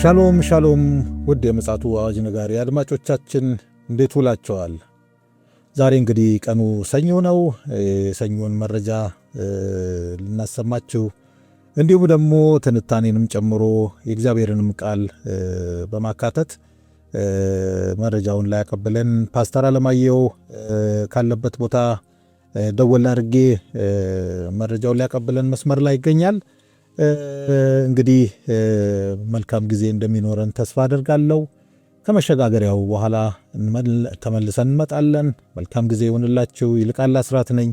ሻሎም ሻሎም ውድ የምፅዓቱ አዋጅ ነጋሪ አድማጮቻችን እንዴት ውላቸዋል? ዛሬ እንግዲህ ቀኑ ሰኞ ነው። የሰኞን መረጃ ልናሰማችሁ እንዲሁም ደግሞ ትንታኔንም ጨምሮ የእግዚአብሔርንም ቃል በማካተት መረጃውን ላይ ያቀብለን ፓስተር አለማየሁ ካለበት ቦታ ደወል አድርጌ መረጃውን ሊያቀብለን መስመር ላይ ይገኛል። እንግዲህ መልካም ጊዜ እንደሚኖረን ተስፋ አደርጋለሁ። ከመሸጋገሪያው በኋላ ተመልሰን እንመጣለን። መልካም ጊዜ ይሁንላችሁ። ይልቃል አስራት ነኝ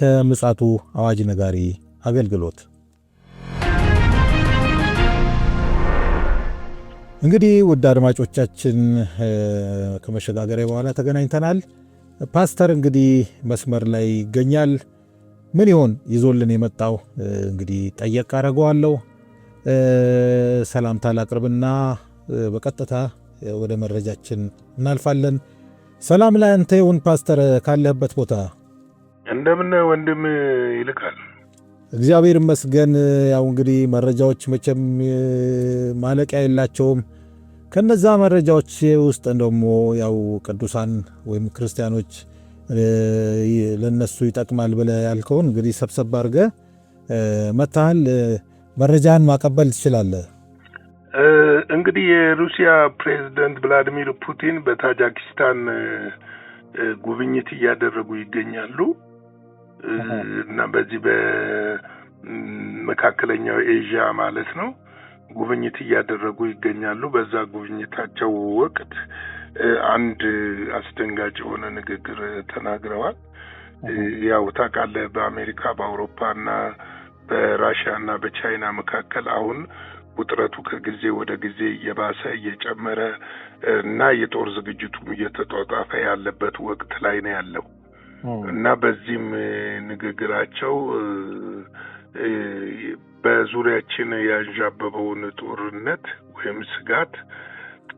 ከምፅዓቱ አዋጅ ነጋሪ አገልግሎት። እንግዲህ ውድ አድማጮቻችን ከመሸጋገሪያ በኋላ ተገናኝተናል። ፓስተር እንግዲህ መስመር ላይ ይገኛል። ምን ይሆን ይዞልን የመጣው? እንግዲህ ጠየቅ አረገዋለሁ። ሰላምታ ላቅርብና በቀጥታ ወደ መረጃችን እናልፋለን። ሰላም ለአንተ ይሁን ፓስተር፣ ካለህበት ቦታ እንደምን ወንድም ይልቃል? እግዚአብሔር ይመስገን። ያው እንግዲህ መረጃዎች መቼም ማለቂያ የላቸውም። ከነዛ መረጃዎች ውስጥ ደግሞ ያው ቅዱሳን ወይም ክርስቲያኖች ለነሱ ይጠቅማል ብለ ያልከውን እንግዲህ ሰብሰብ አርገ መታል መረጃን ማቀበል ትችላለህ። እንግዲህ የሩሲያ ፕሬዚደንት ቭላዲሚር ፑቲን በታጃኪስታን ጉብኝት እያደረጉ ይገኛሉ እና በዚህ በመካከለኛው ኤዥያ ማለት ነው ጉብኝት እያደረጉ ይገኛሉ። በዛ ጉብኝታቸው ወቅት አንድ አስደንጋጭ የሆነ ንግግር ተናግረዋል። ያው ታውቃለህ በአሜሪካ በአውሮፓና ና በቻይና መካከል አሁን ውጥረቱ ከጊዜ ወደ ጊዜ እየባሰ እየጨመረ እና የጦር ዝግጅቱም እየተጧጧፈ ያለበት ወቅት ላይ ነው ያለው እና በዚህም ንግግራቸው በዙሪያችን ያንዣበበውን ጦርነት ወይም ስጋት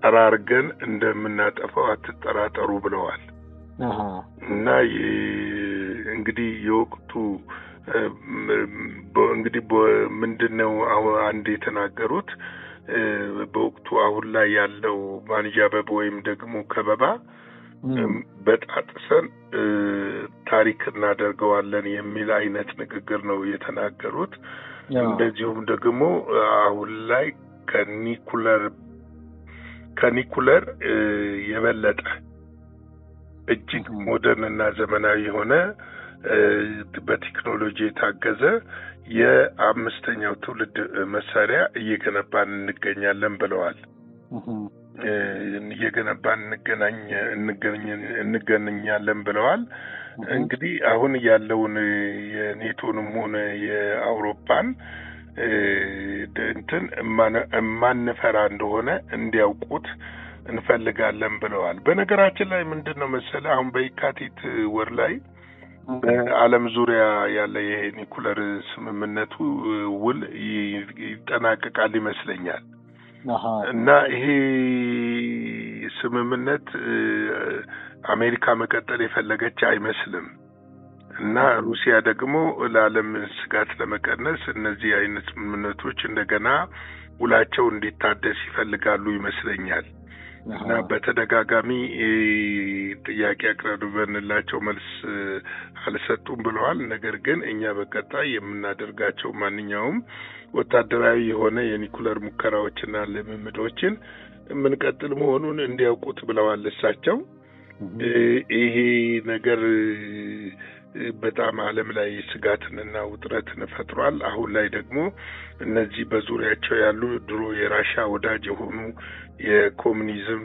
ጠራርገን እንደምናጠፋው አትጠራጠሩ ብለዋል እና እንግዲህ የወቅቱ እንግዲህ ምንድን ነው አንድ የተናገሩት በወቅቱ አሁን ላይ ያለው ማንዣበብ ወይም ደግሞ ከበባ በጣጥሰን ታሪክ እናደርገዋለን የሚል አይነት ንግግር ነው የተናገሩት። እንደዚሁም ደግሞ አሁን ላይ ከኒኩለር ከኒኩለር የበለጠ እጅግ ሞደርን እና ዘመናዊ የሆነ በቴክኖሎጂ የታገዘ የአምስተኛው ትውልድ መሳሪያ እየገነባን እንገኛለን ብለዋል። እየገነባን እንገናኛለን ብለዋል። እንግዲህ አሁን ያለውን የኔቶንም ሆነ የአውሮፓን እንትን እማንፈራ እንደሆነ እንዲያውቁት እንፈልጋለን ብለዋል። በነገራችን ላይ ምንድን ነው መሰለ አሁን በየካቲት ወር ላይ በዓለም ዙሪያ ያለ ይሄ ኒኩለር ስምምነቱ ውል ይጠናቀቃል ይመስለኛል እና ይሄ ስምምነት አሜሪካ መቀጠል የፈለገች አይመስልም። እና ሩሲያ ደግሞ ለዓለም ስጋት ለመቀነስ እነዚህ አይነት ስምምነቶች እንደገና ውላቸው እንዲታደስ ይፈልጋሉ ይመስለኛል። እና በተደጋጋሚ ጥያቄ አቅርበንላቸው መልስ አልሰጡም ብለዋል። ነገር ግን እኛ በቀጣይ የምናደርጋቸው ማንኛውም ወታደራዊ የሆነ የኒኩለር ሙከራዎችና ልምምዶችን የምንቀጥል መሆኑን እንዲያውቁት ብለዋል እሳቸው ይሄ ነገር በጣም ዓለም ላይ ስጋትንና ውጥረትን ፈጥሯል። አሁን ላይ ደግሞ እነዚህ በዙሪያቸው ያሉ ድሮ የራሻ ወዳጅ የሆኑ የኮሚኒዝም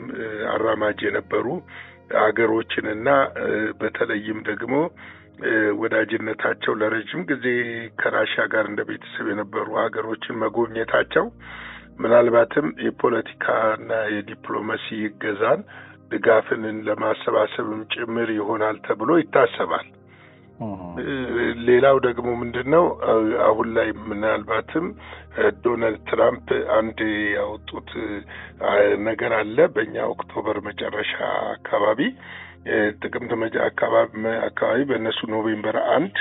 አራማጅ የነበሩ አገሮችንና በተለይም ደግሞ ወዳጅነታቸው ለረጅም ጊዜ ከራሻ ጋር እንደ ቤተሰብ የነበሩ ሀገሮችን መጎብኘታቸው ምናልባትም የፖለቲካና የዲፕሎማሲ እገዛን ድጋፍንን ለማሰባሰብም ጭምር ይሆናል ተብሎ ይታሰባል። ሌላው ደግሞ ምንድን ነው አሁን ላይ ምናልባትም ዶናልድ ትራምፕ አንድ ያወጡት ነገር አለ። በእኛ ኦክቶበር መጨረሻ አካባቢ ጥቅምት መጫ አካባቢ በእነሱ ኖቬምበር አንድ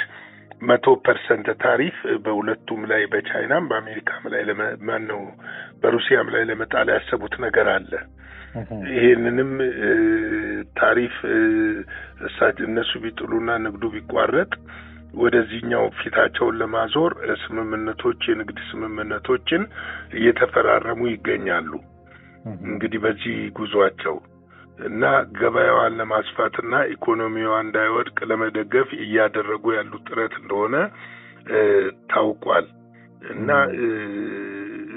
መቶ ፐርሰንት ታሪፍ በሁለቱም ላይ በቻይናም በአሜሪካም ላይ ለማን ነው በሩሲያም ላይ ለመጣል ያሰቡት ነገር አለ። ይሄንንም ታሪፍ እነሱ ቢጥሉና ንግዱ ቢቋረጥ ወደዚህኛው ፊታቸውን ለማዞር ስምምነቶች የንግድ ስምምነቶችን እየተፈራረሙ ይገኛሉ። እንግዲህ በዚህ ጉዟቸው እና ገበያዋን ለማስፋትና ኢኮኖሚዋ እንዳይወድቅ ለመደገፍ እያደረጉ ያሉት ጥረት እንደሆነ ታውቋል። እና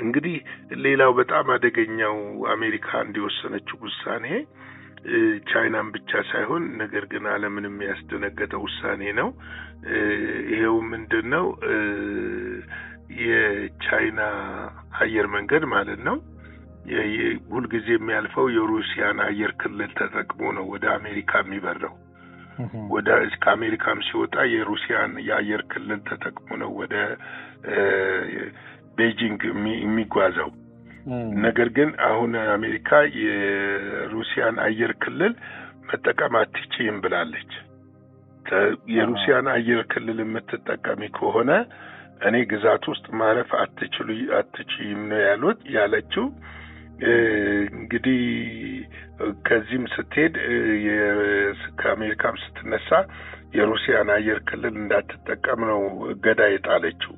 እንግዲህ ሌላው በጣም አደገኛው አሜሪካ እንዲወሰነችው ውሳኔ ቻይናን ብቻ ሳይሆን ነገር ግን ዓለምንም ያስደነገጠ ውሳኔ ነው። ይሄው ምንድን ነው የቻይና አየር መንገድ ማለት ነው ሁልጊዜ የሚያልፈው የሩሲያን አየር ክልል ተጠቅሞ ነው ወደ አሜሪካ የሚበረው። ወደ ከአሜሪካም ሲወጣ የሩሲያን የአየር ክልል ተጠቅሞ ነው ወደ ቤጂንግ የሚጓዘው። ነገር ግን አሁን አሜሪካ የሩሲያን አየር ክልል መጠቀም አትችይም ብላለች። የሩሲያን አየር ክልል የምትጠቀሚ ከሆነ እኔ ግዛት ውስጥ ማረፍ አትችሉ አትችይም ነው ያሉት ያለችው እንግዲህ ከዚህም ስትሄድ ከአሜሪካም ስትነሳ የሩሲያን አየር ክልል እንዳትጠቀም ነው እገዳ የጣለችው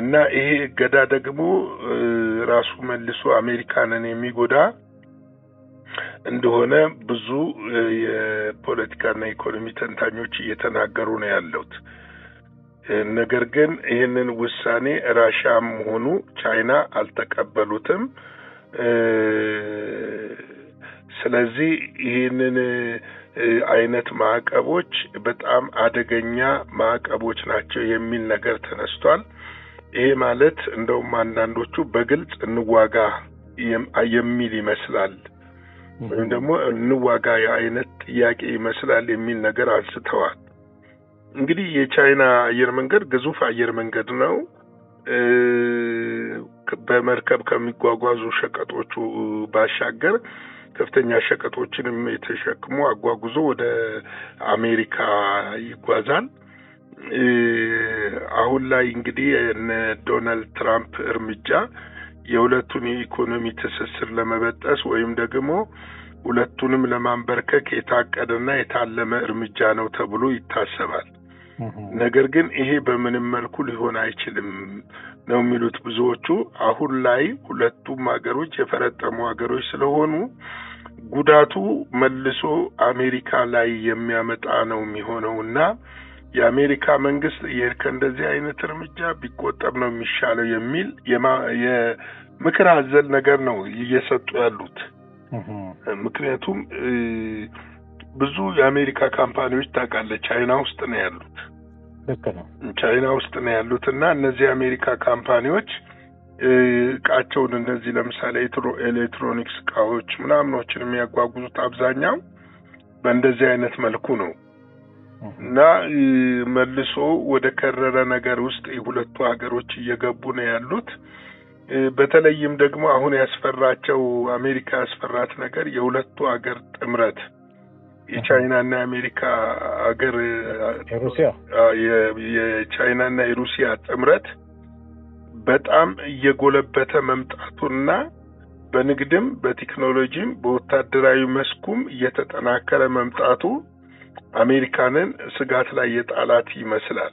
እና ይሄ እገዳ ደግሞ ራሱ መልሶ አሜሪካንን የሚጎዳ እንደሆነ ብዙ የፖለቲካና ኢኮኖሚ ተንታኞች እየተናገሩ ነው ያለውት። ነገር ግን ይህንን ውሳኔ ራሽያም ሆኑ ቻይና አልተቀበሉትም። ስለዚህ ይህንን አይነት ማዕቀቦች በጣም አደገኛ ማዕቀቦች ናቸው የሚል ነገር ተነስቷል። ይሄ ማለት እንደውም አንዳንዶቹ በግልጽ እንዋጋ የሚል ይመስላል ወይም ደግሞ እንዋጋ የአይነት ጥያቄ ይመስላል የሚል ነገር አንስተዋል። እንግዲህ የቻይና አየር መንገድ ግዙፍ አየር መንገድ ነው። በመርከብ ከሚጓጓዙ ሸቀጦቹ ባሻገር ከፍተኛ ሸቀጦችንም የተሸክሞ አጓጉዞ ወደ አሜሪካ ይጓዛል። አሁን ላይ እንግዲህ ዶናልድ ትራምፕ እርምጃ የሁለቱን የኢኮኖሚ ትስስር ለመበጠስ ወይም ደግሞ ሁለቱንም ለማንበርከክ የታቀደና የታለመ እርምጃ ነው ተብሎ ይታሰባል። ነገር ግን ይሄ በምንም መልኩ ሊሆን አይችልም ነው የሚሉት ብዙዎቹ። አሁን ላይ ሁለቱም ሀገሮች የፈረጠሙ ሀገሮች ስለሆኑ ጉዳቱ መልሶ አሜሪካ ላይ የሚያመጣ ነው የሚሆነው እና የአሜሪካ መንግስት ከእንደዚህ አይነት እርምጃ ቢቆጠብ ነው የሚሻለው የሚል የምክር አዘል ነገር ነው እየሰጡ ያሉት። ምክንያቱም ብዙ የአሜሪካ ካምፓኒዎች ታውቃለህ፣ ቻይና ውስጥ ነው ያሉት ልክ ነው። ቻይና ውስጥ ነው ያሉት እና እነዚህ የአሜሪካ ካምፓኒዎች እቃቸውን እነዚህ ለምሳሌ ኤሌክትሮኒክስ እቃዎች ምናምኖችን የሚያጓጉዙት አብዛኛው በእንደዚህ አይነት መልኩ ነው እና መልሶ ወደ ከረረ ነገር ውስጥ የሁለቱ ሀገሮች እየገቡ ነው ያሉት። በተለይም ደግሞ አሁን ያስፈራቸው አሜሪካ ያስፈራት ነገር የሁለቱ ሀገር ጥምረት የቻይና ና የአሜሪካ ሀገር የሩሲያ የቻይና ና የሩሲያ ጥምረት በጣም እየጎለበተ መምጣቱና በንግድም በቴክኖሎጂም በወታደራዊ መስኩም እየተጠናከረ መምጣቱ አሜሪካንን ስጋት ላይ የጣላት ይመስላል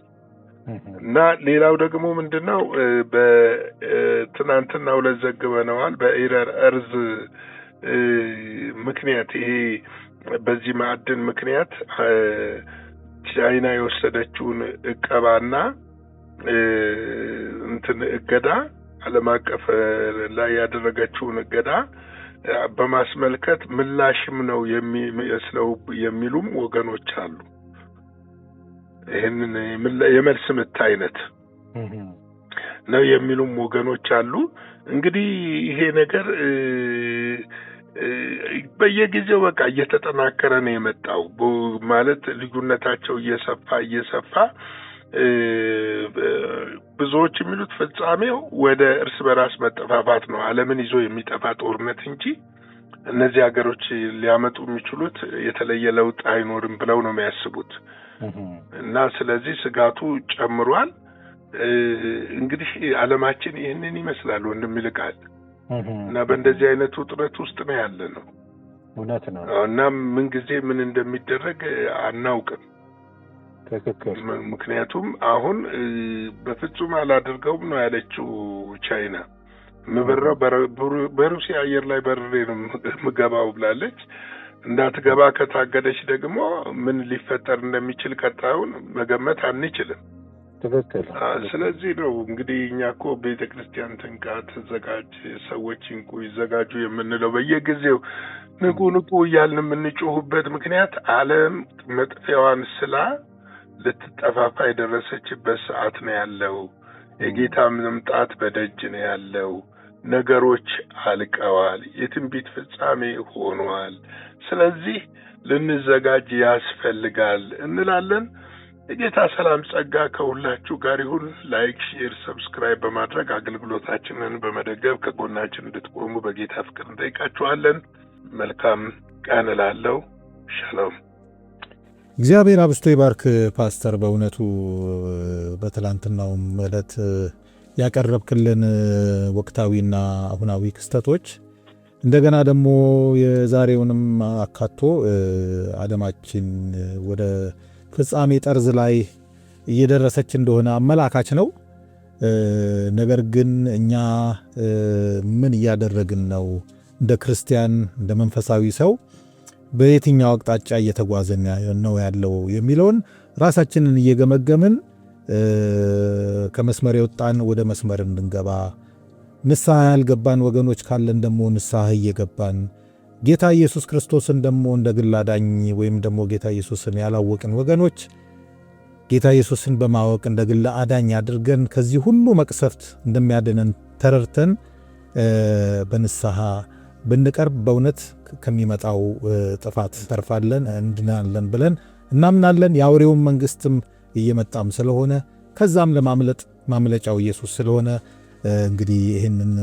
እና ሌላው ደግሞ ምንድነው ነው በትናንትና ሁለት ዘግበነዋል። በኤረር እርዝ ምክንያት ይሄ በዚህ ማዕድን ምክንያት ቻይና የወሰደችውን እቀባና እንትን እገዳ ዓለም አቀፍ ላይ ያደረገችውን እገዳ በማስመልከት ምላሽም ነው የሚመስለው የሚሉም ወገኖች አሉ። ይህንን የመልስ ምት አይነት ነው የሚሉም ወገኖች አሉ። እንግዲህ ይሄ ነገር በየጊዜው በቃ እየተጠናከረ ነው የመጣው ማለት ልዩነታቸው እየሰፋ እየሰፋ ብዙዎች የሚሉት ፍጻሜው ወደ እርስ በራስ መጠፋፋት ነው፣ ዓለምን ይዞ የሚጠፋ ጦርነት እንጂ እነዚህ ሀገሮች ሊያመጡ የሚችሉት የተለየ ለውጥ አይኖርም ብለው ነው የሚያስቡት። እና ስለዚህ ስጋቱ ጨምሯል። እንግዲህ ዓለማችን ይህንን ይመስላል ወንድም ይልቃል። እና በእንደዚህ አይነት ውጥረት ውስጥ ነው ያለ ነው። እውነት ነው። እና ምንጊዜ ምን እንደሚደረግ አናውቅም። ትክክል። ምክንያቱም አሁን በፍጹም አላደርገውም ነው ያለችው ቻይና። የምበረው በሩሲያ አየር ላይ በርሬ ነው የምገባው ብላለች። እንዳትገባ ከታገደች ደግሞ ምን ሊፈጠር እንደሚችል ቀጣዩን መገመት አንችልም። ትክክል። ስለዚህ ነው እንግዲህ እኛ እኮ ቤተ ክርስቲያን ትንቃ፣ ተዘጋጅ፣ ሰዎች እንቁ፣ ይዘጋጁ የምንለው በየጊዜው ንቁ ንቁ እያልን የምንጮሁበት ምክንያት ዓለም መጥፊያዋን ስላ ልትጠፋፋ የደረሰችበት ሰዓት ነው ያለው። የጌታ መምጣት በደጅ ነው ያለው። ነገሮች አልቀዋል። የትንቢት ፍጻሜ ሆኗል። ስለዚህ ልንዘጋጅ ያስፈልጋል እንላለን። የጌታ ሰላም ጸጋ ከሁላችሁ ጋር ይሁን። ላይክ፣ ሼር፣ ሰብስክራይብ በማድረግ አገልግሎታችንን በመደገፍ ከጎናችን እንድትቆሙ በጌታ ፍቅር እንጠይቃችኋለን። መልካም ቀን እላለሁ። ሻሎም። እግዚአብሔር አብስቶ ይባርክ። ፓስተር፣ በእውነቱ በትላንትናውም ዕለት ያቀረብክልን ወቅታዊና አሁናዊ ክስተቶች እንደገና ደግሞ የዛሬውንም አካቶ አለማችን ወደ ፍጻሜ ጠርዝ ላይ እየደረሰች እንደሆነ አመላካች ነው። ነገር ግን እኛ ምን እያደረግን ነው? እንደ ክርስቲያን፣ እንደ መንፈሳዊ ሰው በየትኛው አቅጣጫ እየተጓዘን ነው ያለው የሚለውን ራሳችንን እየገመገምን ከመስመር የወጣን ወደ መስመር እንድንገባ፣ ንስሐ ያልገባን ወገኖች ካለን ደግሞ ንስሐ እየገባን ጌታ ኢየሱስ ክርስቶስን ደሞ እንደ ግል አዳኝ ወይም ደግሞ ጌታ ኢየሱስን ያላወቅን ወገኖች ጌታ ኢየሱስን በማወቅ እንደ ግል አዳኝ አድርገን ከዚህ ሁሉ መቅሰፍት እንደሚያድነን ተረድተን በንስሐ ብንቀርብ በእውነት ከሚመጣው ጥፋት እንተርፋለን፣ እንድናለን ብለን እናምናለን። የአውሬውን መንግስትም እየመጣም ስለሆነ ከዛም ለማምለጥ ማምለጫው ኢየሱስ ስለሆነ እንግዲህ ይህንን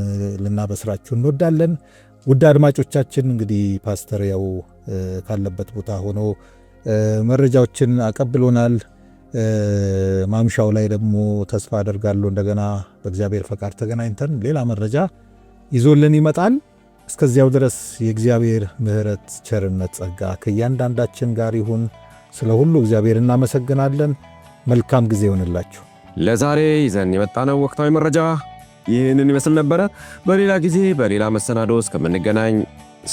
ልናበስራችሁ እንወዳለን። ውድ አድማጮቻችን እንግዲህ ፓስተር ያው ካለበት ቦታ ሆኖ መረጃዎችን አቀብሎናል። ማምሻው ላይ ደግሞ ተስፋ አደርጋለሁ እንደገና በእግዚአብሔር ፈቃድ ተገናኝተን ሌላ መረጃ ይዞልን ይመጣል። እስከዚያው ድረስ የእግዚአብሔር ምሕረት፣ ቸርነት፣ ጸጋ ከእያንዳንዳችን ጋር ይሁን። ስለ ሁሉ እግዚአብሔር እናመሰግናለን። መልካም ጊዜ ይሆንላችሁ። ለዛሬ ይዘን የመጣነው ወቅታዊ መረጃ ይህንን ይመስል ነበረ። በሌላ ጊዜ በሌላ መሰናዶ እስከምንገናኝ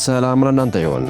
ሰላም ለእናንተ ይሆን።